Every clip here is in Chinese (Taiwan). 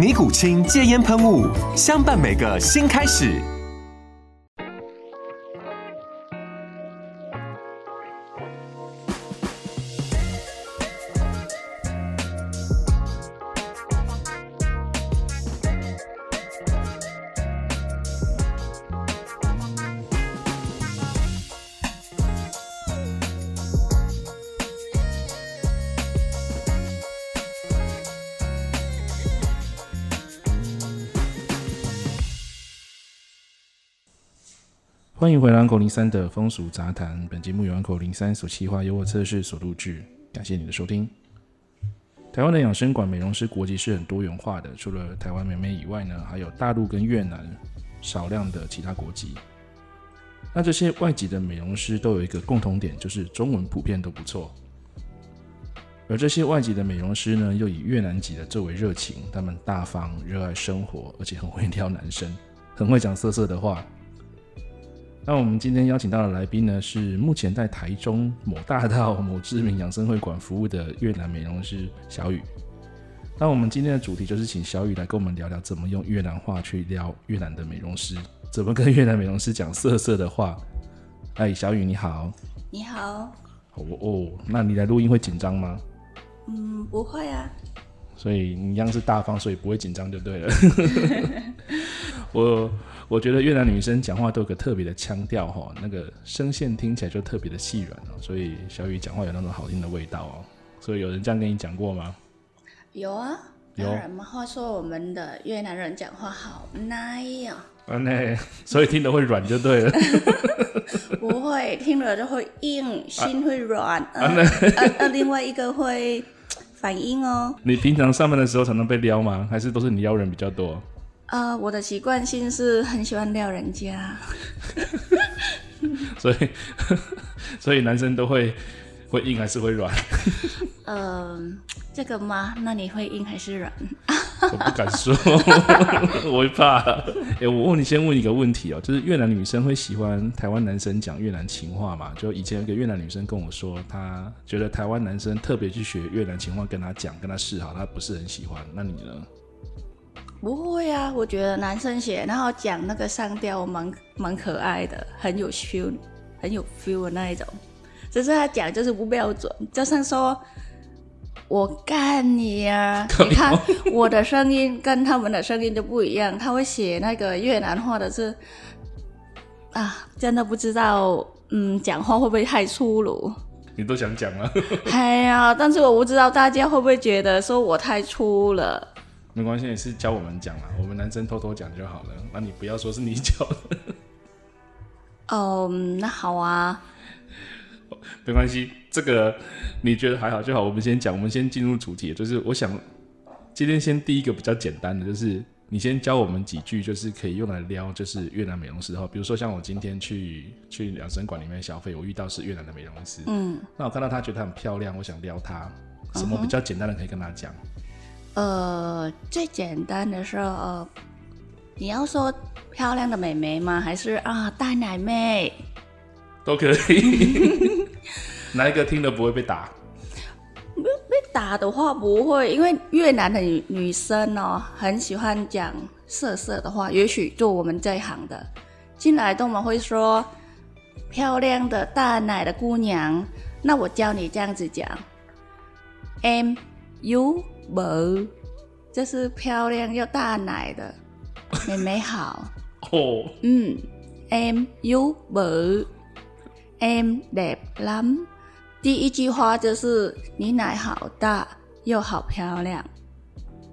尼古清戒煙噴霧，相伴每個新開始。歡迎回來 uncle03 的風俗雜談。本節目由 uncle03 所企劃、由我策士、所錄製。感謝你的收聽。台灣的養生館美容師國籍是很多元化的，除了台灣美眉以外呢，還有大陸跟越南少量的其他國籍。那這些外籍的美容師都有一個共同點，就是中文普遍都不錯。而這些外籍的美容師呢，又以越南籍的最為熱情，他們大方、熱愛生活，而且很會撩男生，很會講色色的話。那我們今天邀請到的來賓呢，是目前在台中某大道某知名養生會館服務的越南美容師小宇。那我們今天的主題就是請小宇來跟我們聊聊，怎麼用越南話去撩越南的美容師，怎麼跟越南美容師講色色的話。哎、欸，小宇你好，你好。哦哦，那你來錄音會緊張嗎？嗯，不會啊。所以你樣子大方，所以不會緊張就對了。 我。我覺得越南女生講話都有個特別的腔調哈、哦，那個聲線聽起來就特別的細軟哦，所以小宇講話有那種好聽的味道哦。所以有人這樣跟你講過嗎？有啊，有嘛。話、啊、說我們的越南人講話好奶哦、啊，奶、啊，所以聽得會軟就對了。 不會，聽了就會硬，心會軟，那、啊啊 啊啊、另外一個會反應哦。你平常上班的時候常常被撩嗎？還是都是你撩人比較多？呃，我的習慣性是很喜歡撩人家， 所以所以男生都會會硬還是會軟？ 呃，這個嗎？那你會硬還是軟？ 我不敢說， 我會怕。哎、欸，我問你，先問一個問題哦、喔，就是越南女生會喜歡台灣男生講越南情話嗎？就以前有個越南女生跟我說，她覺得台灣男生特別去學越南情話跟她講，跟她示好，她不是很喜歡。那你呢？不會啊，我覺得男生寫，然後講那個上吊蠻，蠻蠻可愛的，很有 feel，很有 feel 的那一種。只是他講就是不標準，就像說“我幹你呀、啊”，你看 我的聲音跟他們的聲音都不一樣。他會寫那個越南話的字啊，真的不知道，嗯，講話會不會太粗魯？你都想講啊？ 哎呀，但是我不知道大家會不會覺得說我太粗了。沒關係，也是教我們講嘛。我們男生偷偷講就好了。那你不要說是你教的。嗯，哦，那好啊。沒關係，這個你覺得還好就好。我們先講，我們先進入主題。就是我想今天先第一個比較簡單的，就是你先教我們幾句，就是可以用來撩，就是越南美容師哈。比如說像我今天去去養生館裡面消費，我遇到是越南的美容師，嗯，那我看到她覺得她很漂亮，我想撩她，什麼比較簡單的可以跟她講？嗯，嗯。呃，最簡單的是，呃，你要說漂亮的妹妹嗎？還是啊，大奶妹都可以。 哪一個聽了不會被打被？被打的話不會，因為越南的女女生哦，喔，很喜歡講色色的話。也許做我們這一行的進來都蠻會說漂亮的，大奶的姑娘。那我教你這樣子講：M U。美，這是漂亮又大奶的妹妹好哦， oh. 嗯，M U 美，M đẹp lắm。第一句話就是你奶好大又好漂亮。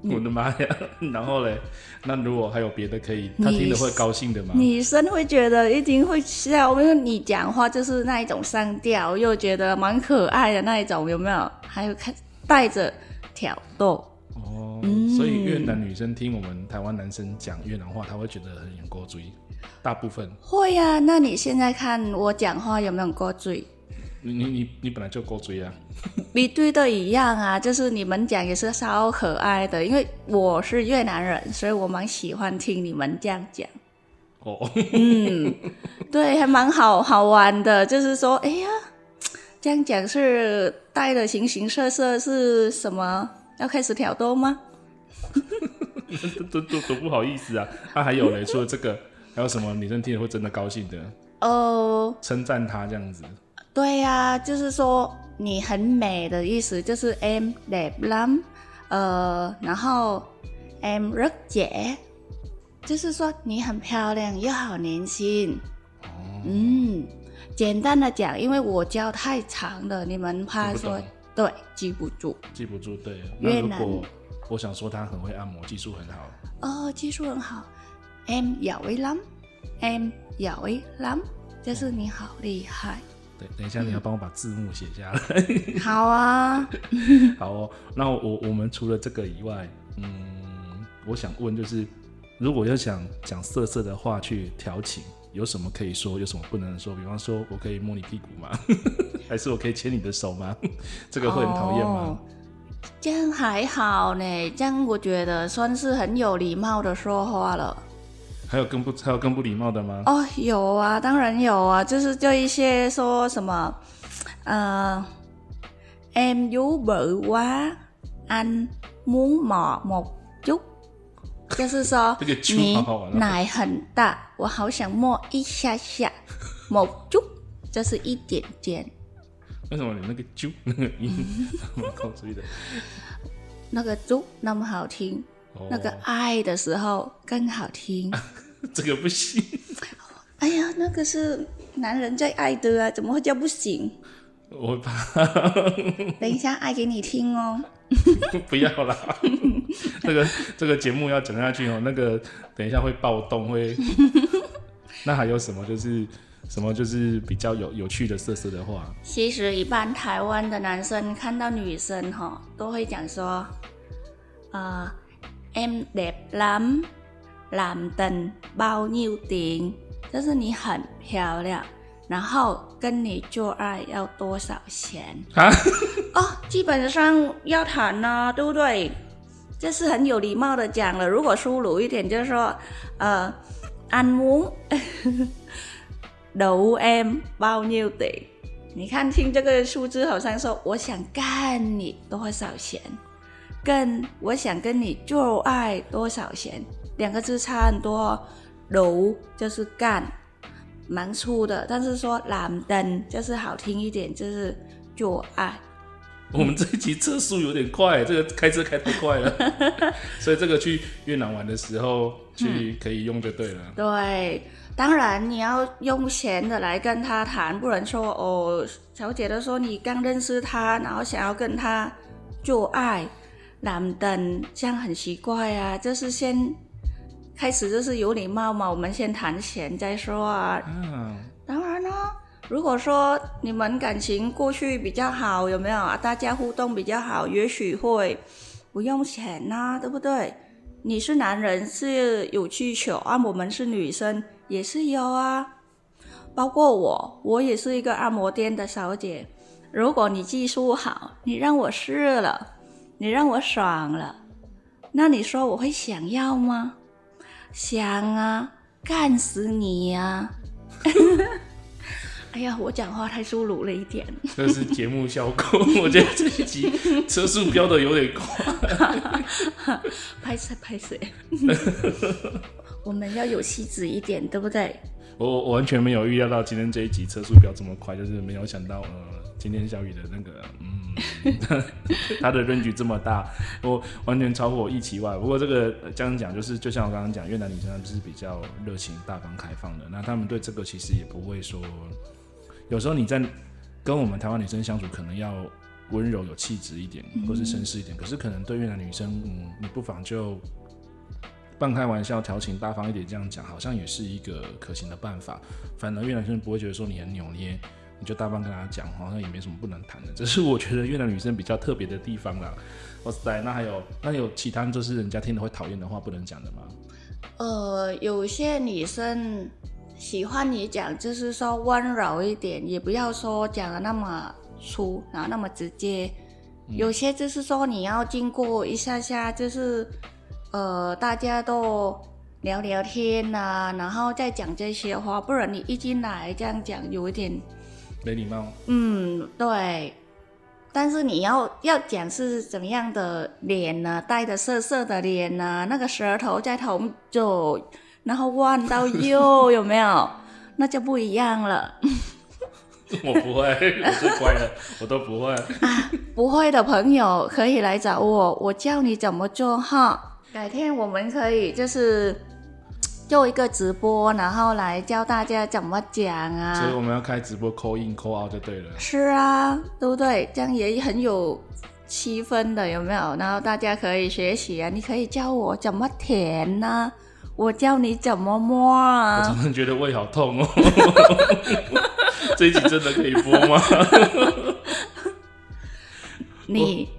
我的媽呀！然後嘞，那如果還有別的可以， 他聽了會高興的嗎？女生會覺得一定會笑，因為你講話就是那一種上調，又覺得蠻可愛的那一種，有沒有？還有看帶着。挑逗哦，所以越南女生聽我們台灣男生講越南話，她會覺得很古錐。大部分會呀、啊，那你現在看我講話有沒有古錐？嗯？你你你本來就古錐啊，你對的，一樣啊。就是你們講也是超可愛的，因為我是越南人，所以我蠻喜歡聽你們這樣講。哦， 嗯，對，還蠻好好玩的，就是說，哎呀。這樣講是帶的形形色色是什麼？要開始挑逗嗎？總 多，多，多不好意思啊！他、啊、還有嘞，除了這個，還有什麼女生聽了會真的高興的？哦、呃。稱讚他這樣子。對呀、啊，就是說你很美的意思，就是 em đẹp lắm，呃，然後 em rất trẻ 就是說你很漂亮又好年輕，哦、嗯。簡單的講，因為我教太長了，你們怕說對記不住。記不住，對。越南。那如果我想說他很會按摩，技術很好。哦，技術很好。em yao vi lan，em yao vi lan，就是你好厲害。對，等一下你要幫我把字幕寫下來，嗯。好啊。好，哦， 那我我們除了這個以外，嗯，我想問就是，如果要想講色色的話，去調情。有什麼可以說？有什麼不能說？比方說我可以摸你屁股嗎？ 還是我可以牽你的手嗎？這個會很討厭嗎？哦，這樣還好呢，這樣我覺得算是很有禮貌的說話了。還有更不還有更不禮貌的嗎？哦，有啊，當然有啊，就是就一些說什麼，呃，em yếu bự quá, anh muốn mọt một chút 就是說，你奶很大，我好想摸一下下，摸啾，就是一點點。為什麼你那個啾那個音， 水 那個啾那麼好聽，oh. 那個愛的時候更好聽。 這個不行。哎呀，那個是男人最愛的啊，怎麼會叫不行？我怕。 等一下，愛給你聽哦。 不要啦啦笑、 這個，這個這個節目要講下去哦、喔。那個等一下會暴動，會。 那還有什麼？就是什麼？就是比較有有趣的色色的話。其實，一般台灣的男生看到女生哈、喔，都會講說：“啊，em đẹp lắm，lắm tiền，bao nhiêu tiền 就是你很漂亮，然後跟你做愛要多少錢？”啊。哦，基本上要談吶、啊，對不對？這是很有禮貌講的講了。如果粗魯一點，就是說，呃，an mu du em bao nhiêu tiền？你看，聽這個數字好像說我想幹你多少錢，跟我想跟你做愛多少錢，兩個字差很多。du 就是幹，蠻粗的，但是說 lam den 就是好聽一點，就是做愛。我們這一集車速有點快，這個開車開太快了， 所以這個去越南玩的時候去可以用就對了。嗯、對，當然你要用錢的來跟他談，不能說哦，小姐都說你剛認識他，然後想要跟他做愛等等，這樣很奇怪啊。就是先開始就是有禮貌嘛，我們先談錢再說啊。嗯、啊。如果說你們感情過去比較好，有沒有啊？大家互動比較好，也許會不用錢吶，對不對？你是男人是有需求啊，我們是女生也是有啊。包括我，我也是一個按摩店的小姐。如果你技術好，你讓我試了，你讓我爽了，那你說我會想要嗎？想啊，幹死你呀！ 哎呀，我講話太粗魯了一點，這是節目效果。 我覺得這一集車速飆的有點快，拍攝拍攝我們要有細緻一點，對不對？我完全沒有預料到今天這一集車速飆這麼快，就是沒有想到呃，今天小宇的那個他、啊嗯、 的 range 這麼大，我完全超乎我預期外。不過這個這樣講，就是就像我剛剛講，越南女生就是比較熱情、大方、開放的，那他們對這個其實也不會說。有時候你在跟我們台灣女生相處，可能要溫柔、有氣質一點，或是紳士一點。嗯嗯。可是可能對越南女生，嗯，你不妨就半開玩笑、調情、大方一點這樣講，好像也是一個可行的辦法。反而越南女生不會覺得說你很扭捏，你就大方跟她講，好像也沒什麼不能談的。這是我覺得越南女生比較特別的地方啦。哇塞，那還有那有其他就是人家聽了會討厭的話不能講的嗎？呃，有些女生。喜歡你講，就是說溫柔一點，也不要說講得那麼粗，然後那麼直接。嗯、有些就是說你要經過一下下，就是呃，大家都聊聊天吶、啊，然後再講這些話，不然你一進來這樣講，有一點沒禮貌。嗯，對。但是你要要講是怎麼樣的臉呢、啊？帶着色色的臉呢、啊？那個舌頭在頭就然後彎到右， 有沒有？那就不一樣了。 我不會，我最乖的，我都不會、 啊。不會的朋友可以來找我，我教你怎麼做哈。改天我們可以就是做一個直播，然後來教大家怎麼講啊。所以我們要開直播，call in call out 就對了。是啊，對不對？這樣也很有氣氛的，有沒有？然後大家可以學習啊，你可以教我怎麼填呢、啊？我教你怎麼摸啊！我怎麼覺得胃好痛哦？ 這一集真的可以播嗎？ 你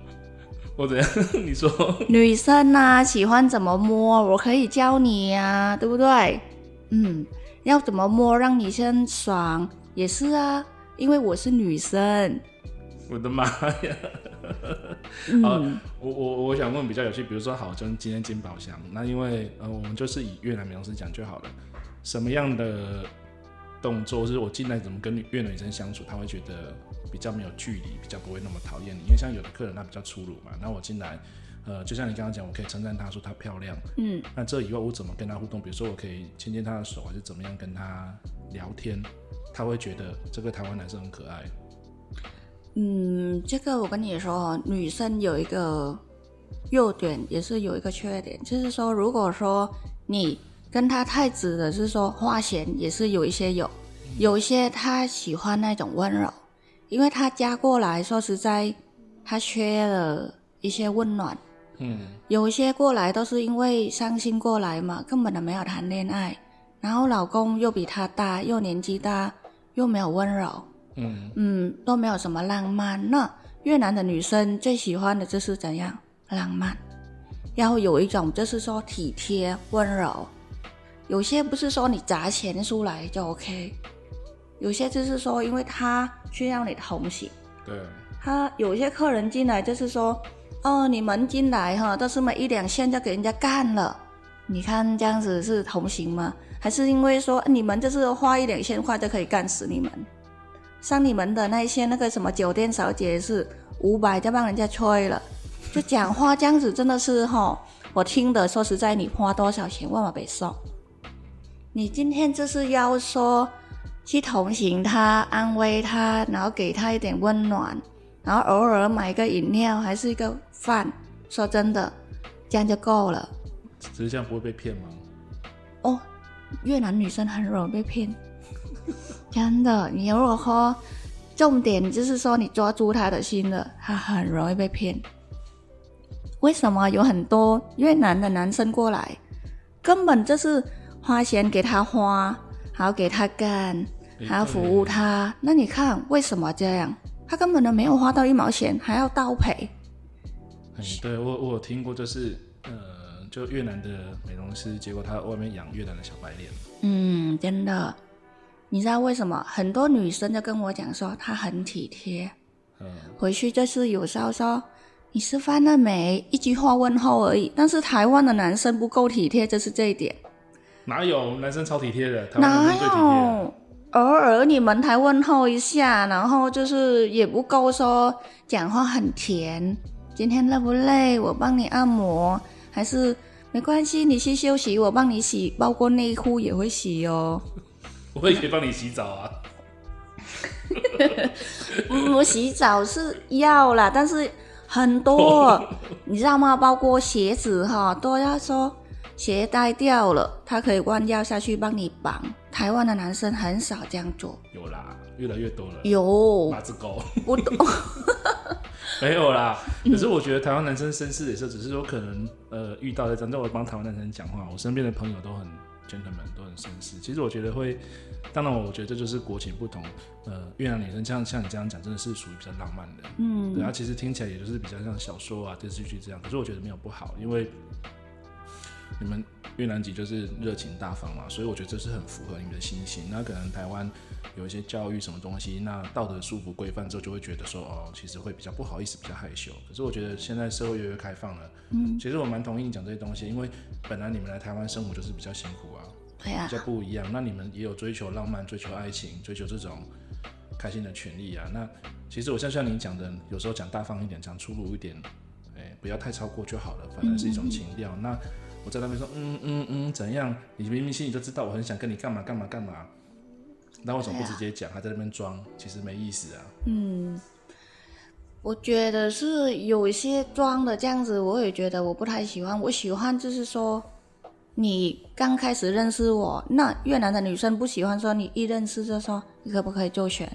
我，我怎樣？ 你說女生啊，喜歡怎麼摸？我可以教你呀，啊，對不對？嗯，要怎麼摸讓女生爽也是啊，因為我是女生。我的媽呀！啊、 嗯，我我我想問比較有趣，比如說，好，就是、今天今天進包廂，那因為呃，我們就是以越南美容師講就好了，什麼樣的動作，就是我進來怎麼跟越南女生相處，她會覺得比較沒有距離，比較不會那麼討厭你。因為像有的客人，他比較粗魯嘛，那我進來，呃，就像你剛剛講，我可以稱讚她說她漂亮，嗯，那這以後我怎麼跟她互動？比如說，我可以牽牽她的手，還是怎麼樣跟她聊天？她會覺得這個台灣男生很可愛。嗯，這個我跟你說，女生有一個優點，也是有一個缺點，就是說，如果說你跟他太直的是說花錢也是有一些有，有一些他喜歡那種溫柔，因為他家過來說實在，他缺了一些溫暖。嗯，有一些過來都是因為傷心過來嘛，根本的沒有談戀愛，然後老公又比他大，又年紀大，又沒有溫柔。嗯嗯，都沒有什麼浪漫，那越南的女生最喜歡的就是怎樣浪漫，然後有一種就是說體貼溫柔。有些不是說你砸錢出來就 OK，有些就是說因為他需要你同行。對。他有些客人進來就是說，哦，你們進來哈，都是每一兩千就給人家幹了。你看這樣子是同行嗎？還是因為說你們就是花一兩千塊就可以幹死你們？像你們的那些那個什麼酒店小姐是五百在幫人家吹了，就講話這樣子真的是哈、哦，我聽的說實在，你花多少錢萬萬別送。你今天就是要說去同情他、安慰他，然後給他一點溫暖，然後偶爾買一個飲料還是一個飯，說真的，這樣就夠了。只是這樣不會被騙嗎？哦，越南女生很容易被騙。真的，你如果說重點就是說你抓住他的心了，他很容易被騙。為什麼有很多越南的男生過來，根本就是花錢給他花，還要給他幹、欸，還要服務他？欸、那你看為什麼這樣？他根本都沒有花到一毛錢，還要倒賠。嗯、欸，對，我我有聽過就是，嗯、呃，就越南的美容師，結果他外面養越南的小白臉。嗯，真的。你知道為什麼很多女生就跟我講說她很體貼、嗯，回去就是有時候說你吃飯了沒，一句話問候而已。但是台灣的男生不夠體貼，就是這一點。哪有男生超體貼的？台灣男生最體貼。哪有！偶爾你們才問候一下，然後就是也不夠說講話很甜。今天累不累？我幫你按摩，還是沒關係，你去休息，我幫你洗，包括內褲也會洗哦。我也可以幫你洗澡啊 我洗澡是要啦，但是很多，你知道嗎？包括鞋子哈，都要說鞋帶掉了，他可以彎腰下去幫你綁。台灣的男生很少這樣做，有啦，越來越多了。有哪隻狗？我懂，沒有啦。可是我覺得台灣男生紳士的時候，只是說可能、嗯、呃遇到的，反正我幫台灣男生講話，我身邊的朋友都很。圈他很多人深思，其實我覺得會，當然我覺得就是國情不同，呃，越南女生像像你這樣講，真的是屬於比較浪漫的，嗯，然後、啊、其實聽起來也就是比較像小說啊、電視劇這樣，可是我覺得沒有不好，因為。你們越南籍就是熱情大方嘛，所以我覺得這是很符合你們的心情。那可能台灣有一些教育什麼東西，那道德束縛規範之後，就會覺得說哦，其實會比較不好意思，比較害羞。可是我覺得現在社會越來越開放了，嗯，其實我蠻同意你講這些東西，因為本來你們來台灣生活就是比較辛苦啊，對啊，比較不一樣。那你們也有追求浪漫、追求愛情、追求這種開心的權利啊。那其實我像像你講的，有時候講大方一點，講粗魯一點，誒、欸，不要太超過就好了，反而是一種情調，嗯。那。我在那邊說，嗯嗯嗯，怎樣？你明明心裡就知道我很想跟你幹嘛幹嘛幹嘛，那為什麼不直接講？啊？還在那邊裝，其實沒意思啊。嗯，我覺得是有一些裝的這樣子，我也覺得我不太喜歡。我喜歡就是說，你剛開始認識我，那越南的女生不喜歡說你一認識就說你可不可以做全？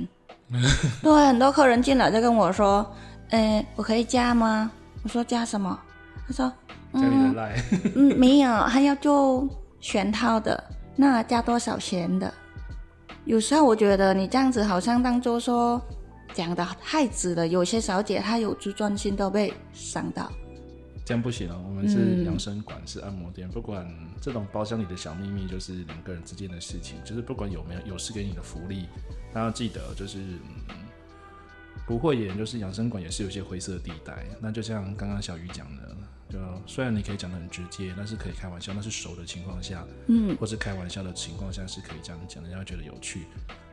對，很多客人進來就跟我說，嗯，我可以加嗎？我說加什麼？他說。加賴、嗯 嗯，嗯，沒有，還要做全套的，那加多少錢的？有時候我覺得你這樣子好像當做說講的太直了，有些小姐她有自尊心都被傷到。這樣不行。喔，我們是養生館，嗯，是按摩店，不管這種包廂裡的小秘密，就是兩個人之間的事情，就是不管有沒有有是給你的福利，大家記得就是、嗯、不會演，就是養生館也是有些灰色的地帶。那就像剛剛小宇講的，雖然你可以講的很直接，但是可以開玩笑，那是熟的情況下，嗯，或者開玩笑的情況下是可以這樣講的，讓人覺得有趣。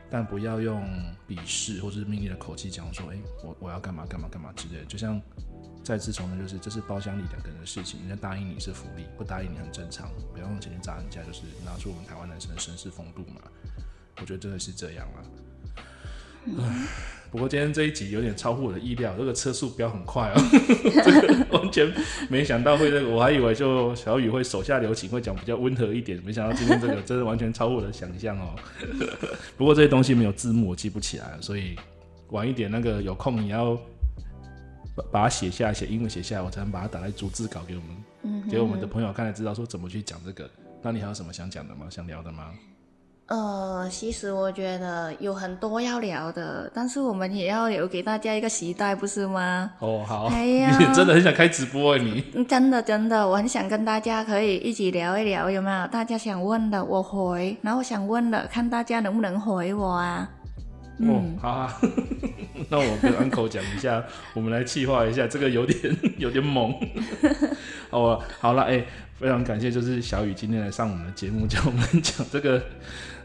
但不要用鄙視或是命令的口氣講說，誒、欸，我我要幹嘛幹嘛幹嘛之類的。就像再次從就是這是包廂裡兩個人的事情，人家答應你是福利，不答應你很正常。不要用錢去砸人家，就是拿出我們台灣男生的紳士風度嘛。我覺得真的是這樣了。嗯不過今天這一集有點超乎我的意料，這個車速飆很快哦、喔， 這個完全沒想到會這、那個，我還以為就小宇會手下留情，會講比較溫和一點，沒想到今天這個真的完全超乎我的想象哦、喔。 不過這些東西沒有字幕，我記不起來了，所以晚一點那個有空你要把把它寫下，寫英文寫下來，我才能把它打在逐字稿給我們，給我們的朋友看，才知道說怎麼去講這個。那你還有什麼想講的嗎？想聊的嗎？呃，其實我覺得有很多要聊的，但是我們也要有給大家一個期待，不是嗎？哦，好。哎呀！你真的很想開直播啊、欸。你？真的真的，我很想跟大家可以一起聊一聊，有沒有？大家想問的我回，然後想問的看大家能不能回我啊？嗯、哦，好啊， 那我跟 Uncle 講一下， 我們來企劃一下，這個有點有點猛。 好啊，好了，哎、欸，非常感謝，就是小宇今天來上我們的節目，叫我們講這個。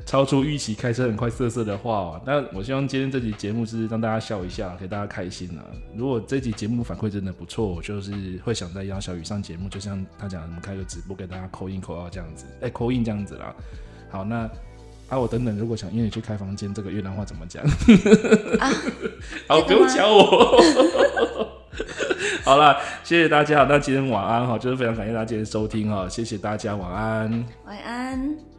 超出預期開車很快色色的話、啊，那我希望今天這集節目是讓大家笑一下，給大家開心、啊、如果這集節目反饋真的不錯，我就是會想再邀小雨上節目，就像他講，我們開個直播給大家扣印扣二這樣子，哎、欸，扣印這樣子啦。好，那啊，我等等如果想約你去開房間，這個越南話怎麼講？啊、 好、這個，不用教我。 好了，謝謝大家。那今天晚安哈、喔，就是非常感謝大家今天收聽哈、喔，謝謝大家，晚安，晚安。